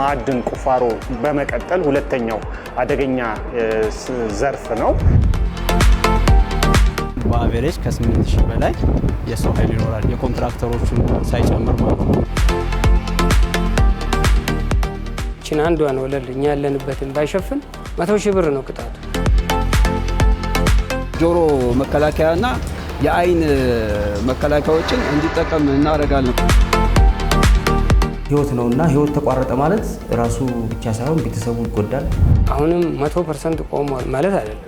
ማዕድን ቁፋሮ በመቀጠል ሁለተኛው አደገኛ ዘርፍ ነው። በአቬሬጅ ከ ሺህ በላይ የሰው ኃይል ይኖራል የኮንትራክተሮቹን ሳይጨምር ማለት ነው። ችን አንዷን ወለል እኛ ያለንበትን ባይሸፍን መቶ ሺህ ብር ነው ቅጣቱ። ጆሮ መከላከያና የአይን መከላከያዎችን እንዲጠቀም እናደርጋለን። ህይወት ነው እና ህይወት ተቋረጠ ማለት ራሱ ብቻ ሳይሆን ቤተሰቡ ይጎዳል። አሁንም መቶ ፐርሰንት ቆሟል ማለት አይደለም።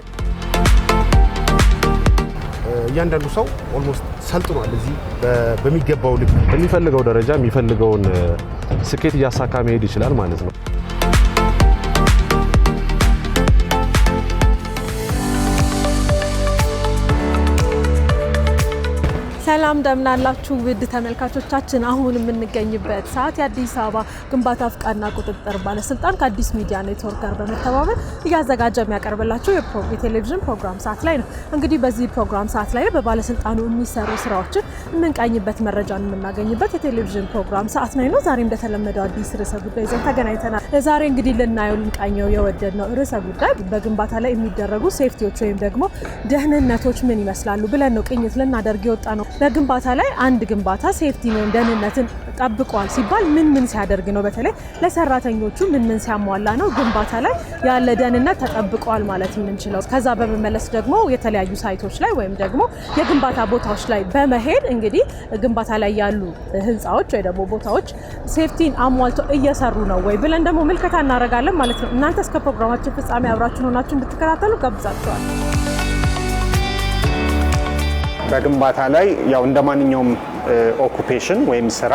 እያንዳንዱ ሰው ኦልሞስት ሰልጥኗል። እዚህ በሚገባው ልክ በሚፈልገው ደረጃ የሚፈልገውን ስኬት እያሳካ መሄድ ይችላል ማለት ነው። ሰላም እንደምናላችሁ ውድ ተመልካቾቻችን፣ አሁን የምንገኝበት ሰዓት የአዲስ አበባ ግንባታ ፍቃድና ቁጥጥር ባለስልጣን ከአዲስ ሚዲያ ኔትወርክ ጋር በመተባበር እያዘጋጀ የሚያቀርብላቸው የቴሌቪዥን ፕሮግራም ሰዓት ላይ ነው። እንግዲህ በዚህ ፕሮግራም ሰዓት ላይ በባለስልጣኑ የሚሰሩ ስራዎችን የምንቀኝበት መረጃን የምናገኝበት የቴሌቪዥን ፕሮግራም ሰዓት ላይ ነው። ዛሬ እንደተለመደው አዲስ ርዕሰ ጉዳይ ይዘን ተገናኝተናል። ዛሬ እንግዲህ ልናየው ልንቃኘው የወደድነው ርዕሰ ጉዳይ በግንባታ ላይ የሚደረጉ ሴፍቲዎች ወይም ደግሞ ደህንነቶች ምን ይመስላሉ ብለን ነው ቅኝት ልናደርግ የወጣ ነው። በግንባታ ላይ አንድ ግንባታ ሴፍቲ ወይም ደህንነትን ጠብቋል ሲባል ምን ምን ሲያደርግ ነው? በተለይ ለሰራተኞቹ ምን ምን ሲያሟላ ነው ግንባታ ላይ ያለ ደህንነት ተጠብቋል ማለት የምንችለው? ከዛ በመመለስ ደግሞ የተለያዩ ሳይቶች ላይ ወይም ደግሞ የግንባታ ቦታዎች ላይ በመሄድ እንግዲህ ግንባታ ላይ ያሉ ህንፃዎች ወይ ደግሞ ቦታዎች ሴፍቲን አሟልተው እየሰሩ ነው ወይ ብለን ደግሞ ምልከታ እናደርጋለን ማለት ነው። እናንተ እስከ ፕሮግራማችን ፍጻሜ አብራችን ሆናችሁ እንድትከታተሉ ጋብዛችኋል። በግንባታ ላይ ያው እንደ ማንኛውም ኦኩፔሽን ወይም ስራ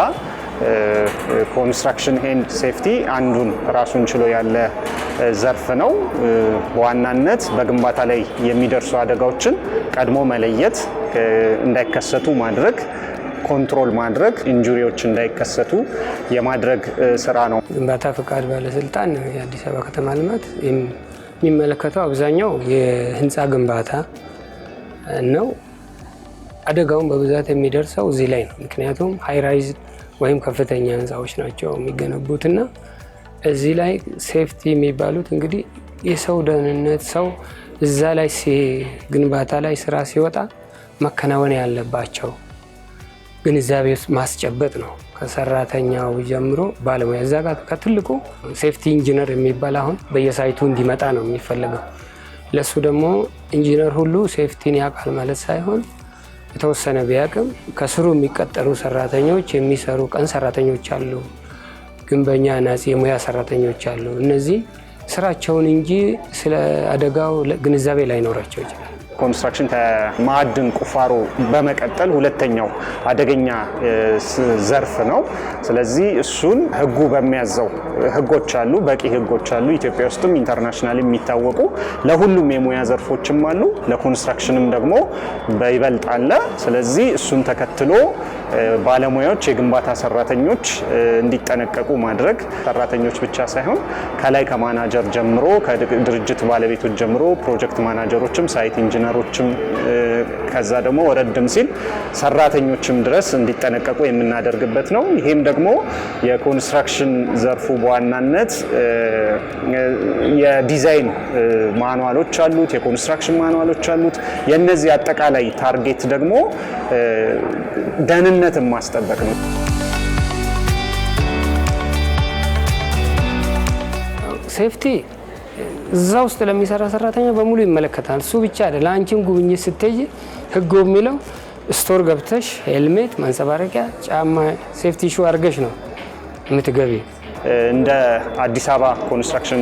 ኮንስትራክሽን ኤንድ ሴፍቲ አንዱን ራሱን ችሎ ያለ ዘርፍ ነው። በዋናነት በግንባታ ላይ የሚደርሱ አደጋዎችን ቀድሞ መለየት፣ እንዳይከሰቱ ማድረግ፣ ኮንትሮል ማድረግ፣ ኢንጁሪዎች እንዳይከሰቱ የማድረግ ስራ ነው። ግንባታ ፈቃድ ባለስልጣን የአዲስ አበባ ከተማ ልማት የሚመለከተው አብዛኛው የህንፃ ግንባታ ነው። አደጋውን በብዛት የሚደርሰው እዚህ ላይ ነው። ምክንያቱም ሃይራይዝ ወይም ከፍተኛ ህንፃዎች ናቸው የሚገነቡትና እዚህ ላይ ሴፍቲ የሚባሉት እንግዲህ የሰው ደህንነት ሰው እዛ ላይ ግንባታ ላይ ስራ ሲወጣ መከናወን ያለባቸው ግንዛቤ ውስጥ ማስጨበጥ ነው። ከሰራተኛው ጀምሮ ባለሙያ እዛ ጋር ከትልቁ ሴፍቲ ኢንጂነር የሚባል አሁን በየሳይቱ እንዲመጣ ነው የሚፈለገው። ለሱ ደግሞ ኢንጂነር ሁሉ ሴፍቲን ያውቃል ማለት ሳይሆን የተወሰነ ቢያቅም ከስሩ የሚቀጠሩ ሰራተኞች የሚሰሩ ቀን ሰራተኞች አሉ፣ ግንበኛ ናጽ የሙያ ሰራተኞች አሉ። እነዚህ ስራቸውን እንጂ ስለ አደጋው ግንዛቤ ላይኖራቸው ይችላል። ኮንስትራክሽን ከማዕድን ቁፋሮ በመቀጠል ሁለተኛው አደገኛ ዘርፍ ነው። ስለዚህ እሱን ህጉ በሚያዘው ህጎች አሉ፣ በቂ ህጎች አሉ። ኢትዮጵያ ውስጥም ኢንተርናሽናል የሚታወቁ ለሁሉም የሙያ ዘርፎችም አሉ። ለኮንስትራክሽንም ደግሞ በይበልጥ አለ። ስለዚህ እሱን ተከትሎ ባለሙያዎች፣ የግንባታ ሰራተኞች እንዲጠነቀቁ ማድረግ ሰራተኞች ብቻ ሳይሆን ከላይ ከማናጀር ጀምሮ ከድርጅት ባለቤቶች ጀምሮ ፕሮጀክት ማናጀሮችም ሳይት ኢንጂነር ኢንጂነሮችም ከዛ ደግሞ ወረድም ሲል ሰራተኞችም ድረስ እንዲጠነቀቁ የምናደርግበት ነው። ይህም ደግሞ የኮንስትራክሽን ዘርፉ በዋናነት የዲዛይን ማንዋሎች አሉት፣ የኮንስትራክሽን ማንዋሎች አሉት። የእነዚህ አጠቃላይ ታርጌት ደግሞ ደህንነትን ማስጠበቅ ነው። ሴፍቲ እዛ ውስጥ ለሚሰራ ሰራተኛ በሙሉ ይመለከታል። እሱ ብቻ አይደል። ለአንቺን ጉብኝት ስትይ ህጉ የሚለው ስቶር ገብተሽ ሄልሜት፣ ማንጸባረቂያ፣ ጫማ፣ ሴፍቲ ሹ አድርገሽ ነው የምትገቢ። እንደ አዲስ አበባ ኮንስትራክሽን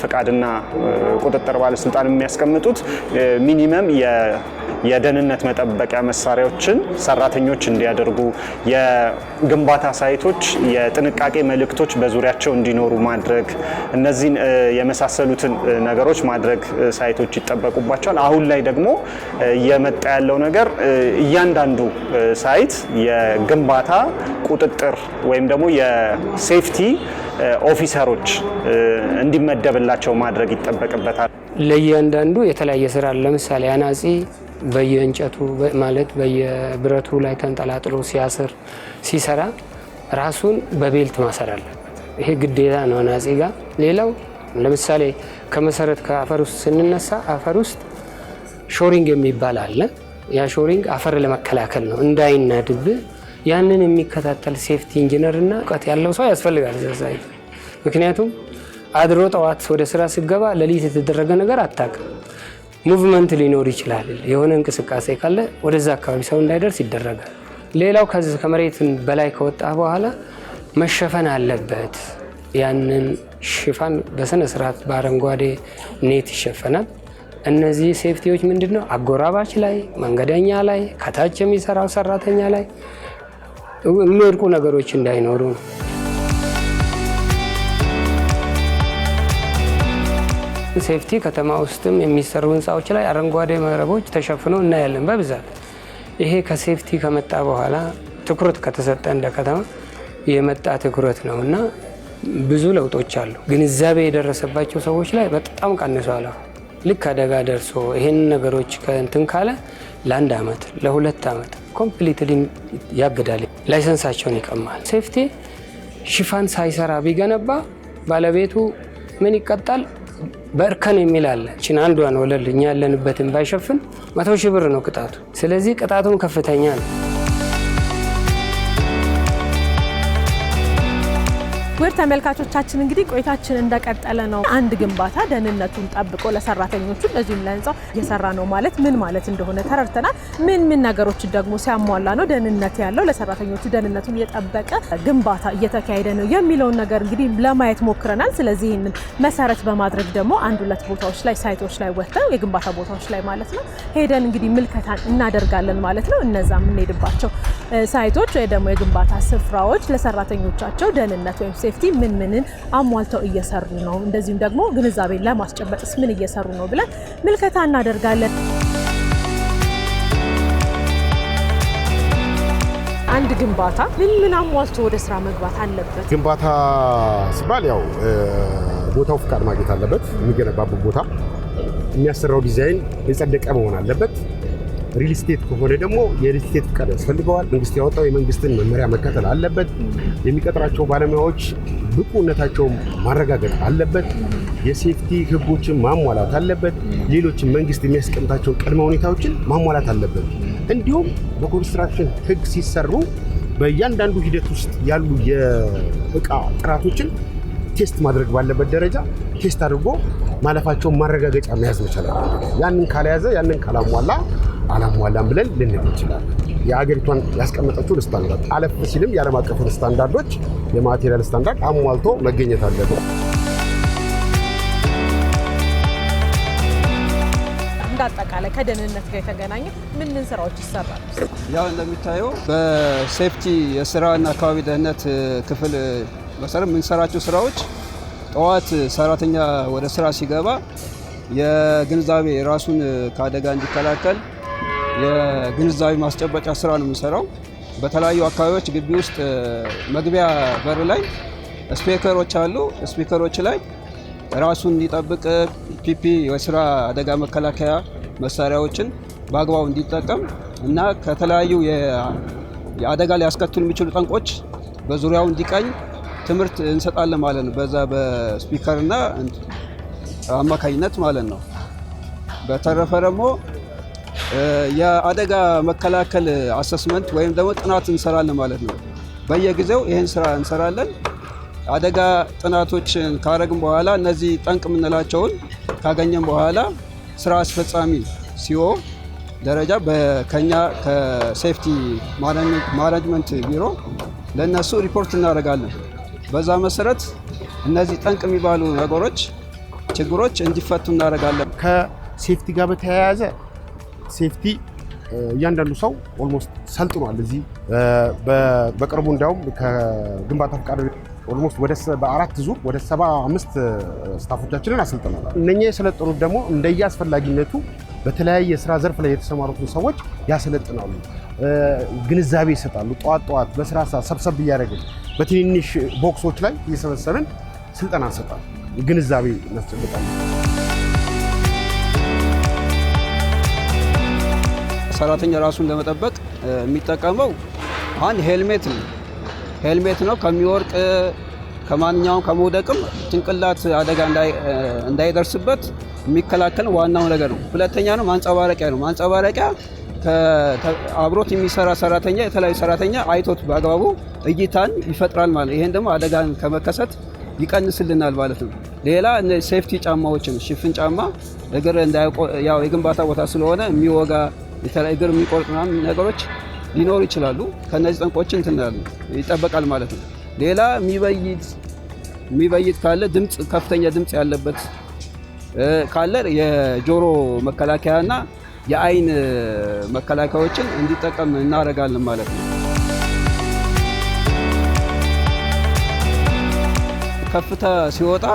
ፍቃድና ቁጥጥር ባለስልጣን የሚያስቀምጡት ሚኒመም የደህንነት መጠበቂያ መሳሪያዎችን ሰራተኞች እንዲያደርጉ፣ የግንባታ ሳይቶች የጥንቃቄ መልእክቶች በዙሪያቸው እንዲኖሩ ማድረግ፣ እነዚህን የመሳሰሉትን ነገሮች ማድረግ ሳይቶች ይጠበቁባቸዋል። አሁን ላይ ደግሞ እየመጣ ያለው ነገር እያንዳንዱ ሳይት የግንባታ ቁጥጥር ወይም ደግሞ የሴፍቲ ኦፊሰሮች እንዲመደብላቸው ማድረግ ይጠበቅበታል። ለእያንዳንዱ የተለያየ ስራ ለምሳሌ አናጺ በየእንጨቱ ማለት በየብረቱ ላይ ተንጠላጥሎ ሲያስር ሲሰራ ራሱን በቤልት ማሰር አለበት። ይሄ ግዴታ ነው አናጺ ጋር። ሌላው ለምሳሌ ከመሰረት ከአፈር ውስጥ ስንነሳ አፈር ውስጥ ሾሪንግ የሚባል አለ። ያ ሾሪንግ አፈር ለመከላከል ነው እንዳይናድብ ያንን የሚከታተል ሴፍቲ ኢንጂነር እና እውቀት ያለው ሰው ያስፈልጋል። ዘዛይ ምክንያቱም አድሮ ጠዋት ወደ ስራ ስገባ ለሊት የተደረገ ነገር አታውቅም። ሙቭመንት ሊኖር ይችላል። የሆነ እንቅስቃሴ ካለ ወደዛ አካባቢ ሰው እንዳይደርስ ይደረጋል። ሌላው ከመሬት በላይ ከወጣ በኋላ መሸፈን አለበት። ያንን ሽፋን በስነ ስርዓት በአረንጓዴ ኔት ይሸፈናል። እነዚህ ሴፍቲዎች ምንድን ነው? አጎራባች ላይ፣ መንገደኛ ላይ፣ ከታች የሚሰራው ሰራተኛ ላይ የሚወድቁ ነገሮች እንዳይኖሩ ነው። ሴፍቲ ከተማ ውስጥም የሚሰሩ ህንፃዎች ላይ አረንጓዴ መረቦች ተሸፍኖ እናያለን በብዛት። ይሄ ከሴፍቲ ከመጣ በኋላ ትኩረት ከተሰጠ እንደ ከተማ የመጣ ትኩረት ነው እና ብዙ ለውጦች አሉ። ግንዛቤ የደረሰባቸው ሰዎች ላይ በጣም ቀንሷል። ልክ አደጋ ደርሶ ይህን ነገሮች ከእንትን ካለ ለአንድ አመት ለሁለት ዓመት ኮምፕሊትሊ ያግዳል፣ ላይሰንሳቸውን ይቀማል። ሴፍቲ ሽፋን ሳይሰራ ቢገነባ ባለቤቱ ምን ይቀጣል? በእርከን የሚል አለ። ችን አንዷን ወለል እኛ ያለንበትን ባይሸፍን መቶ ሺህ ብር ነው ቅጣቱ። ስለዚህ ቅጣቱም ከፍተኛ ነው። ውድ ተመልካቾቻችን እንግዲህ ቆይታችን እንደቀጠለ ነው። አንድ ግንባታ ደህንነቱን ጠብቆ ለሰራተኞቹ እንደዚሁም ለህንፃው እየሰራ ነው ማለት ምን ማለት እንደሆነ ተረድተናል። ምን ምን ነገሮችን ደግሞ ሲያሟላ ነው ደህንነት ያለው ለሰራተኞቹ ደህንነቱን የጠበቀ ግንባታ እየተካሄደ ነው የሚለውን ነገር እንግዲህ ለማየት ሞክረናል። ስለዚህ ይህንን መሰረት በማድረግ ደግሞ አንድ ሁለት ቦታዎች ላይ ሳይቶች ላይ ወጥተው የግንባታ ቦታዎች ላይ ማለት ነው ሄደን እንግዲህ ምልከታን እናደርጋለን ማለት ነው እነዛ የምንሄድባቸው ሳይቶች ወይ ደግሞ የግንባታ ስፍራዎች ለሰራተኞቻቸው ደህንነት ወይም ሴፍቲ ምን ምንን አሟልተው እየሰሩ ነው፣ እንደዚሁም ደግሞ ግንዛቤን ለማስጨበጥስ ምን እየሰሩ ነው ብለን ምልከታ እናደርጋለን። አንድ ግንባታ ምን ምን አሟልቶ ወደ ስራ መግባት አለበት? ግንባታ ሲባል ያው ቦታው ፍቃድ ማግኘት አለበት። የሚገነባበት ቦታ የሚያሰራው ዲዛይን የጸደቀ መሆን አለበት። ሪል ስቴት ከሆነ ደግሞ የሪል ስቴት ፍቃድ ያስፈልገዋል። መንግስት ያወጣው የመንግስትን መመሪያ መከተል አለበት። የሚቀጥራቸው ባለሙያዎች ብቁነታቸውን ማረጋገጥ አለበት። የሴፍቲ ህጎችን ማሟላት አለበት። ሌሎችን መንግስት የሚያስቀምጣቸውን ቅድመ ሁኔታዎችን ማሟላት አለበት። እንዲሁም በኮንስትራክሽን ህግ ሲሰሩ በእያንዳንዱ ሂደት ውስጥ ያሉ የእቃ ጥራቶችን ቴስት ማድረግ ባለበት ደረጃ ቴስት አድርጎ ማለፋቸውን ማረጋገጫ መያዝ መቻል አለበት። ያንን ካልያዘ ያንን ካላሟላ አላሟላም ብለን ልንል እንችላለን። የሀገሪቷን ያስቀመጠችውን ስታንዳርድ አለፍ ሲልም የዓለም አቀፉን ስታንዳርዶች የማቴሪያል ስታንዳርድ አሟልቶ መገኘት አለበት። አጠቃላይ ከደህንነት ጋር የተገናኘ ምን ምን ስራዎች ይሰራሉ? ያው እንደሚታየው በሴፍቲ የስራና አካባቢ ደህንነት ክፍል መሰረት የምንሰራቸው ስራዎች ጠዋት ሰራተኛ ወደ ስራ ሲገባ የግንዛቤ ራሱን ከአደጋ እንዲከላከል የግንዛቤ ማስጨበጫ ስራ ነው የምንሰራው። በተለያዩ አካባቢዎች ግቢ ውስጥ መግቢያ በር ላይ ስፒከሮች አሉ። ስፒከሮች ላይ ራሱን እንዲጠብቅ ፒፒ የስራ አደጋ መከላከያ መሳሪያዎችን በአግባቡ እንዲጠቀም እና ከተለያዩ የአደጋ ሊያስከትሉ የሚችሉ ጠንቆች በዙሪያው እንዲቀኝ ትምህርት እንሰጣለን ማለት ነው። በዛ በስፒከርና አማካኝነት ማለት ነው። በተረፈ ደግሞ የአደጋ መከላከል አሰስመንት ወይም ደግሞ ጥናት እንሰራለን ማለት ነው። በየጊዜው ይህን ስራ እንሰራለን። አደጋ ጥናቶችን ካረግን በኋላ እነዚህ ጠንቅ የምንላቸውን ካገኘን በኋላ ስራ አስፈጻሚ ሲኦ ደረጃ ከኛ ከሴፍቲ ማናጅመንት ቢሮ ለእነሱ ሪፖርት እናደርጋለን። በዛ መሰረት እነዚህ ጠንቅ የሚባሉ ነገሮች፣ ችግሮች እንዲፈቱ እናደርጋለን። ከሴፍቲ ጋር በተያያዘ ሴፍቲ እያንዳንዱ ሰው ኦልሞስት ሰልጥኗል። እዚህ በቅርቡ እንዲያውም ከግንባታ ፈቃድ ኦልሞስት ወደ በአራት ዙር ወደ ሰባ አምስት ስታፎቻችንን አሰልጥናል። እነኛ የሰለጠኑት ደግሞ እንደየ አስፈላጊነቱ በተለያየ ስራ ዘርፍ ላይ የተሰማሩትን ሰዎች ያሰለጥናሉ፣ ግንዛቤ ይሰጣሉ። ጠዋት ጠዋት በስራ ሰዓት ሰብሰብ እያደረግን በትንንሽ ቦክሶች ላይ እየሰበሰብን ስልጠና እንሰጣለን፣ ግንዛቤ እናስጨብጣለን። ሰራተኛ ራሱን ለመጠበቅ የሚጠቀመው አንድ ሄልሜት ነው። ሄልሜት ነው ከሚወርቅ ከማንኛውም ከመውደቅም ጭንቅላት አደጋ እንዳይደርስበት የሚከላከል ዋናው ነገር ነው። ሁለተኛ ነው ማንጸባረቂያ ነው። ማንጸባረቂያ አብሮት የሚሰራ ሰራተኛ የተለያዩ ሰራተኛ አይቶት በአግባቡ እይታን ይፈጥራል ማለት ይሄን ደግሞ አደጋን ከመከሰት ይቀንስልናል ማለት ነው። ሌላ ሴፍቲ ጫማዎችን ሽፍን ጫማ እግር ያው የግንባታ ቦታ ስለሆነ የሚወጋ የተለያዩ እግር የሚቆርጥ ምናምን ነገሮች ሊኖሩ ይችላሉ። ከእነዚህ ጠንቆች እንትናሉ ይጠበቃል ማለት ነው። ሌላ የሚበይድ የሚበይድ ካለ ድምፅ ከፍተኛ ድምፅ ያለበት ካለ የጆሮ መከላከያና የአይን መከላከያዎችን እንዲጠቀም እናደርጋለን ማለት ነው። ከፍታ ሲወጣ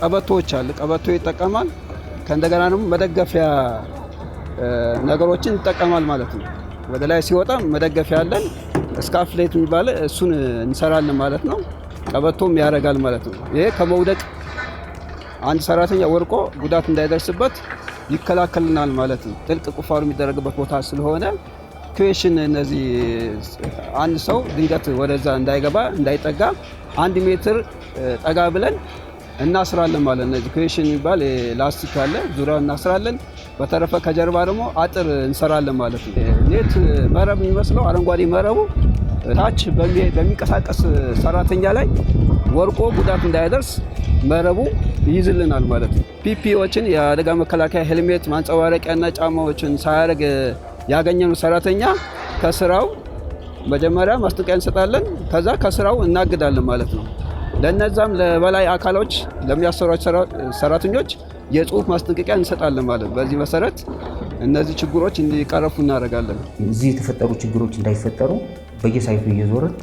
ቀበቶዎች አለ፣ ቀበቶ ይጠቀማል። ከእንደገና ደግሞ መደገፊያ ነገሮችን ይጠቀማል ማለት ነው። ወደ ላይ ሲወጣ መደገፊያ ያለን እስካፍሌት የሚባለ እሱን እንሰራለን ማለት ነው። ቀበቶም ያደርጋል ማለት ነው። ይሄ ከመውደቅ አንድ ሰራተኛ ወርቆ ጉዳት እንዳይደርስበት ይከላከልናል ማለት ነው። ጥልቅ ቁፋሩ የሚደረግበት ቦታ ስለሆነ ኩዌሽን እነዚህ አንድ ሰው ድንገት ወደዛ እንዳይገባ እንዳይጠጋ አንድ ሜትር ጠጋ ብለን እናስራለን ማለት ነው። ኤዱኬሽን የሚባል ላስቲክ አለ፣ ዙሪያው እናስራለን። በተረፈ ከጀርባ ደግሞ አጥር እንሰራለን ማለት ነው። ኔት መረብ የሚመስለው አረንጓዴ መረቡ ታች በሚንቀሳቀስ ሰራተኛ ላይ ወርቆ ጉዳት እንዳያደርስ መረቡ ይይዝልናል ማለት ነው። ፒፒዎችን የአደጋ መከላከያ ሄልሜት፣ ማንጸባረቂያና ጫማዎችን ሳያደርግ ያገኘነው ሰራተኛ ከስራው መጀመሪያ ማስጠንቀቂያ እንሰጣለን። ከዛ ከስራው እናግዳለን ማለት ነው። ለነዛም ለበላይ አካሎች ለሚያሰሯቸው ሰራተኞች የጽሁፍ ማስጠንቀቂያ እንሰጣለን ማለት ነው። በዚህ መሰረት እነዚህ ችግሮች እንዲቀረፉ እናደርጋለን። እዚህ የተፈጠሩ ችግሮች እንዳይፈጠሩ በየሳይቱ እየዞርን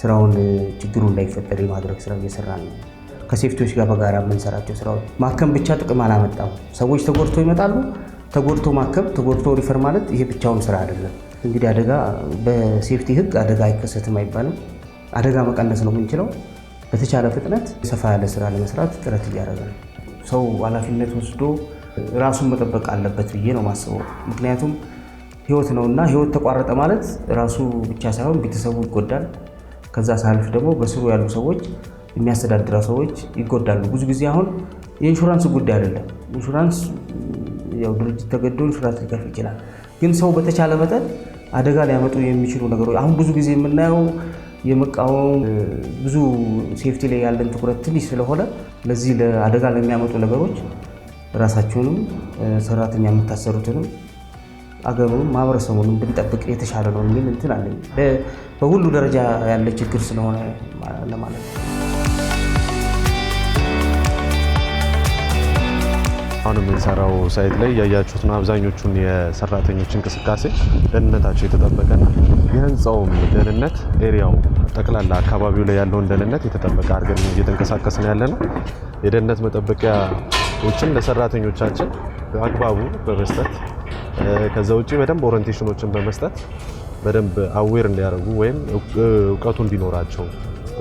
ስራውን ችግሩ እንዳይፈጠር የማድረግ ስራ እየሰራ ነው። ከሴፍቲዎች ጋር በጋራ የምንሰራቸው ስራዎች ማከም ብቻ ጥቅም አላመጣም። ሰዎች ተጎድቶ ይመጣሉ። ተጎድቶ ማከም፣ ተጎድቶ ሪፈር ማለት ይሄ ብቻውን ስራ አይደለም። እንግዲህ አደጋ በሴፍቲ ህግ አደጋ አይከሰትም አይባልም። አደጋ መቀነስ ነው የምንችለው። በተቻለ ፍጥነት ሰፋ ያለ ስራ ለመስራት ጥረት እያደረገ ነው። ሰው ኃላፊነት ወስዶ ራሱን መጠበቅ አለበት ብዬ ነው ማስበው። ምክንያቱም ህይወት ነው እና ህይወት ተቋረጠ ማለት ራሱ ብቻ ሳይሆን ቤተሰቡ ይጎዳል። ከዛ ሳልፍ ደግሞ በስሩ ያሉ ሰዎች የሚያስተዳድራ ሰዎች ይጎዳሉ። ብዙ ጊዜ አሁን የኢንሹራንስ ጉዳይ አይደለም። ኢንሹራንስ ያው ድርጅት ተገዶ ኢንሹራንስ ሊከፍ ይችላል። ግን ሰው በተቻለ መጠን አደጋ ሊያመጡ የሚችሉ ነገሮች አሁን ብዙ ጊዜ የምናየው የመቃወም ብዙ ሴፍቲ ላይ ያለን ትኩረት ትንሽ ስለሆነ ለዚህ ለአደጋ ለሚያመጡ ነገሮች ራሳችሁንም ሰራተኛ የምታሰሩትንም አገሩንም ማህበረሰቡንም ብንጠብቅ የተሻለ ነው የሚል እንትን አለኝ። በሁሉ ደረጃ ያለ ችግር ስለሆነ ለማለት ነው። አሁን የምንሰራው ሳይት ላይ ነው አብዛኞቹን የሰራተኞች እንቅስቃሴ ደህንነታቸው የተጠበቀና የህንፃውም ደህንነት ኤሪያው ጠቅላላ አካባቢው ላይ ያለውን ደህንነት የተጠበቀ አድርገን እየተንቀሳቀስን ያለ ነው። የደህንነት መጠበቂያዎችን ለሰራተኞቻችን በአግባቡ በመስጠት ከዛ ውጭ በደንብ ኦሪንቴሽኖችን በመስጠት በደንብ አዌር እንዲያደርጉ ወይም እውቀቱ እንዲኖራቸው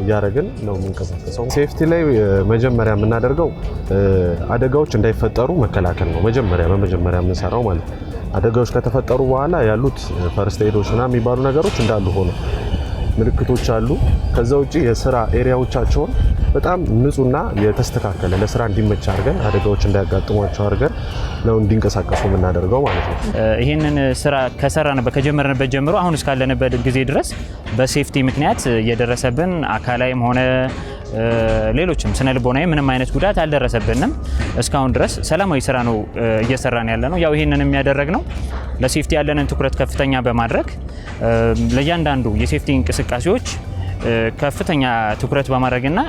እያደረግን ነው የምንቀሳቀሰው። ሴፍቲ ላይ መጀመሪያ የምናደርገው አደጋዎች እንዳይፈጠሩ መከላከል ነው። መጀመሪያ በመጀመሪያ የምንሰራው ማለት ነው። አደጋዎች ከተፈጠሩ በኋላ ያሉት ፈርስት ኤዶች ና የሚባሉ ነገሮች እንዳሉ ሆኖ ምልክቶች አሉ። ከዛ ውጭ የስራ ኤሪያዎቻቸውን በጣም ንጹህና የተስተካከለ ለስራ እንዲመች አድርገን አደጋዎች እንዳያጋጥሟቸው አድርገን ነው እንዲንቀሳቀሱ የምናደርገው ማለት ነው። ይህንን ስራ ከሰራንበት ከጀመርንበት ጀምሮ አሁን እስካለንበት ጊዜ ድረስ በሴፍቲ ምክንያት እየደረሰብን አካላይም ሆነ ሌሎችም ስነ ልቦናዊ ምንም አይነት ጉዳት አልደረሰብንም። እስካሁን ድረስ ሰላማዊ ስራ ነው እየሰራን ያለ ነው። ያው ይህንን የሚያደረግ ነው ለሴፍቲ ያለንን ትኩረት ከፍተኛ በማድረግ ለእያንዳንዱ የሴፍቲ እንቅስቃሴዎች ከፍተኛ ትኩረት በማድረግና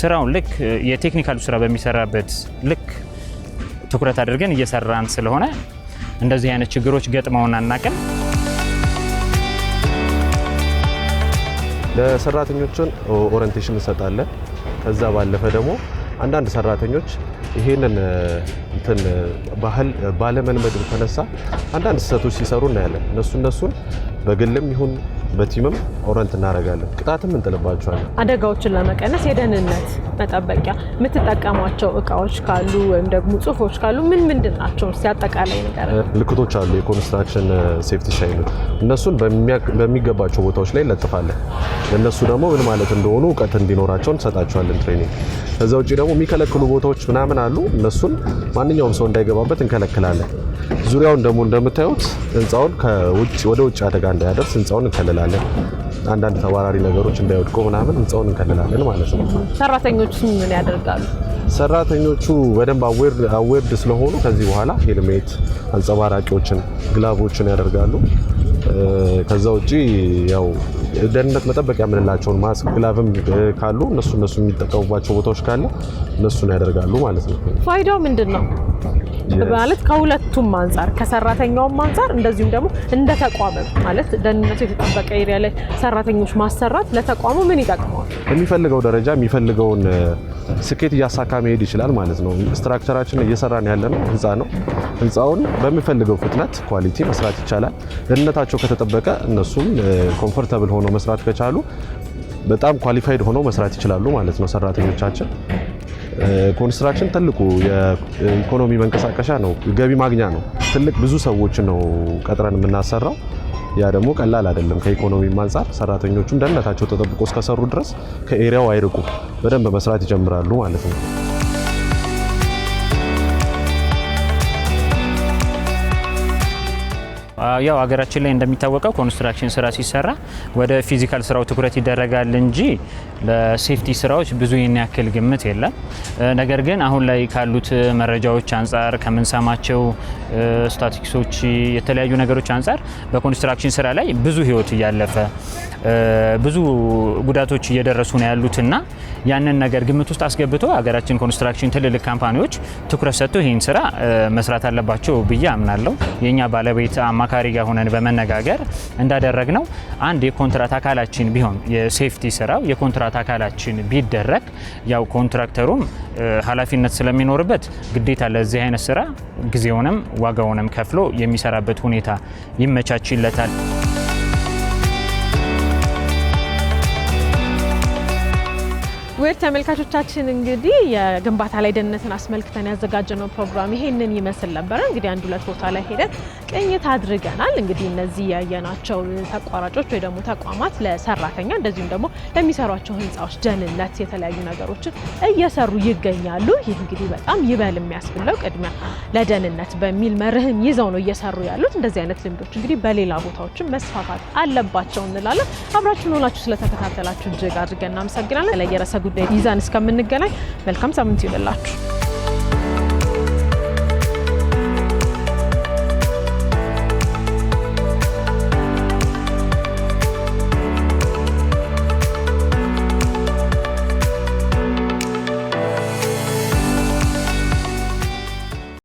ስራውን ልክ የቴክኒካሉ ስራ በሚሰራበት ልክ ትኩረት አድርገን እየሰራን ስለሆነ እንደዚህ አይነት ችግሮች ገጥመውን አናቅም። ለሰራተኞችን ኦሪንቴሽን እንሰጣለን። ከዛ ባለፈ ደግሞ አንዳንድ ሰራተኞች ይሄንን እንትን ባህል ባለመልመድ ተነሳ አንዳንድ ስህተቶች ሲሰሩ እናያለን። እነሱ እነሱን በግልም ይሁን በቲምም ኦረንት እናደርጋለን፣ ቅጣትም እንጥልባቸዋለን። አደጋዎችን ለመቀነስ የደህንነት መጠበቂያ የምትጠቀሟቸው እቃዎች ካሉ ወይም ደግሞ ጽሁፎች ካሉ ምን ምንድን ናቸው? ሲያጠቃላይ ነገር ምልክቶች አሉ፣ የኮንስትራክሽን ሴፍቲ ሳይሉ እነሱን በሚገባቸው ቦታዎች ላይ እንለጥፋለን። እነሱ ደግሞ ምን ማለት እንደሆኑ እውቀት እንዲኖራቸው እንሰጣቸዋለን ትሬኒንግ። ከዛ ውጭ ደግሞ የሚከለክሉ ቦታዎች ምናምን አሉ፣ እነሱን ማንኛውም ሰው እንዳይገባበት እንከለክላለን። ዙሪያውን ደግሞ እንደምታዩት ህንፃውን ከውጭ ወደ ውጭ አደጋ እንዳያደርስ ህንፃውን እንከልላለን። አንዳንድ ተባራሪ ነገሮች እንዳይወድቁ ምናምን ህንፃውን እንከልላለን ማለት ነው። ሰራተኞቹ ምን ያደርጋሉ? ሰራተኞቹ በደንብ አዌርድ ስለሆኑ ከዚህ በኋላ ሄልሜት፣ አንጸባራቂዎችን፣ ግላቦችን ያደርጋሉ። ከዛ ውጭ ያው ደህንነት መጠበቂያ የምንላቸውን ማስክ፣ ግላቭም ካሉ እነሱ እነሱ የሚጠቀሙባቸው ቦታዎች ካለ እነሱን ያደርጋሉ ማለት ነው። ፋይዳው ምንድን ነው? ማለት ከሁለቱም አንጻር ከሰራተኛውም አንጻር እንደዚሁም ደግሞ እንደ ተቋም ማለት ደህንነቱ የተጠበቀ ኤሪያ ላይ ሰራተኞች ማሰራት ለተቋሙ ምን ይጠቅመዋል? የሚፈልገው ደረጃ የሚፈልገውን uh, ስኬት እያሳካ መሄድ ይችላል ማለት ነው። ስትራክቸራችን እየሰራን ያለ ነው ህንፃ ነው። ህንፃውን በሚፈልገው ፍጥነት ኳሊቲ መስራት ይቻላል። ደህንነታቸው ከተጠበቀ እነሱም ኮምፎርታብል uh, ሆነው መስራት ከቻሉ በጣም ኳሊፋይድ ሆነው መስራት ይችላሉ ማለት ነው ሰራተኞቻችን። ኮንስትራክሽን ትልቁ የኢኮኖሚ መንቀሳቀሻ ነው፣ ገቢ ማግኛ ነው። ትልቅ ብዙ ሰዎች ነው ቀጥረን የምናሰራው። ያ ደግሞ ቀላል አይደለም። ከኢኮኖሚም አንጻር ሰራተኞቹም ደህንነታቸው ተጠብቆ እስከሰሩ ድረስ ከኤሪያው አይርቁ፣ በደንብ መስራት ይጀምራሉ ማለት ነው። ያው ሀገራችን ላይ እንደሚታወቀው ኮንስትራክሽን ስራ ሲሰራ ወደ ፊዚካል ስራው ትኩረት ይደረጋል እንጂ ለሴፍቲ ስራዎች ብዙ ይህን ያክል ግምት የለም። ነገር ግን አሁን ላይ ካሉት መረጃዎች አንጻር ከምንሰማቸው ስታቲክሶች፣ የተለያዩ ነገሮች አንጻር በኮንስትራክሽን ስራ ላይ ብዙ ህይወት እያለፈ ብዙ ጉዳቶች እየደረሱ ነው ያሉትና ያንን ነገር ግምት ውስጥ አስገብቶ ሀገራችን ኮንስትራክሽን ትልልቅ ካምፓኒዎች ትኩረት ሰጥቶ ይህን ስራ መስራት አለባቸው ብዬ አምናለሁ። የእኛ ባለቤት አማ አማካሪ ጋር ሆነን በመነጋገር እንዳደረግ ነው አንድ የኮንትራት አካላችን ቢሆን የሴፍቲ ስራው የኮንትራት አካላችን ቢደረግ ያው ኮንትራክተሩም ኃላፊነት ስለሚኖርበት ግዴታ ለዚህ አይነት ስራ ጊዜውንም ዋጋውንም ከፍሎ የሚሰራበት ሁኔታ ይመቻችለታል። ውድ ተመልካቾቻችን እንግዲህ የግንባታ ላይ ደህንነትን አስመልክተን ያዘጋጀነው ፕሮግራም ይሄንን ይመስል ነበረ። እንግዲህ አንድ ሁለት ቦታ ላይ ሄደን ቅኝት አድርገናል። እንግዲህ እነዚህ ያየናቸው ተቋራጮች ወይ ደግሞ ተቋማት ለሰራተኛ እንደዚሁም ደግሞ ለሚሰሯቸው ህንፃዎች ደህንነት የተለያዩ ነገሮችን እየሰሩ ይገኛሉ። ይህ እንግዲህ በጣም ይበል የሚያስብለው ቅድሚያ ለደህንነት በሚል መርህም ይዘው ነው እየሰሩ ያሉት። እንደዚህ አይነት ልምዶች እንግዲህ በሌላ ቦታዎችን መስፋፋት አለባቸው እንላለን። አብራችሁን ሆናችሁ ስለተከታተላችሁ እጅግ አድርገን እናመሰግናለን። ጉዳይ ይዘን እስከምንገናኝ መልካም ሳምንት ይሁንላችሁ።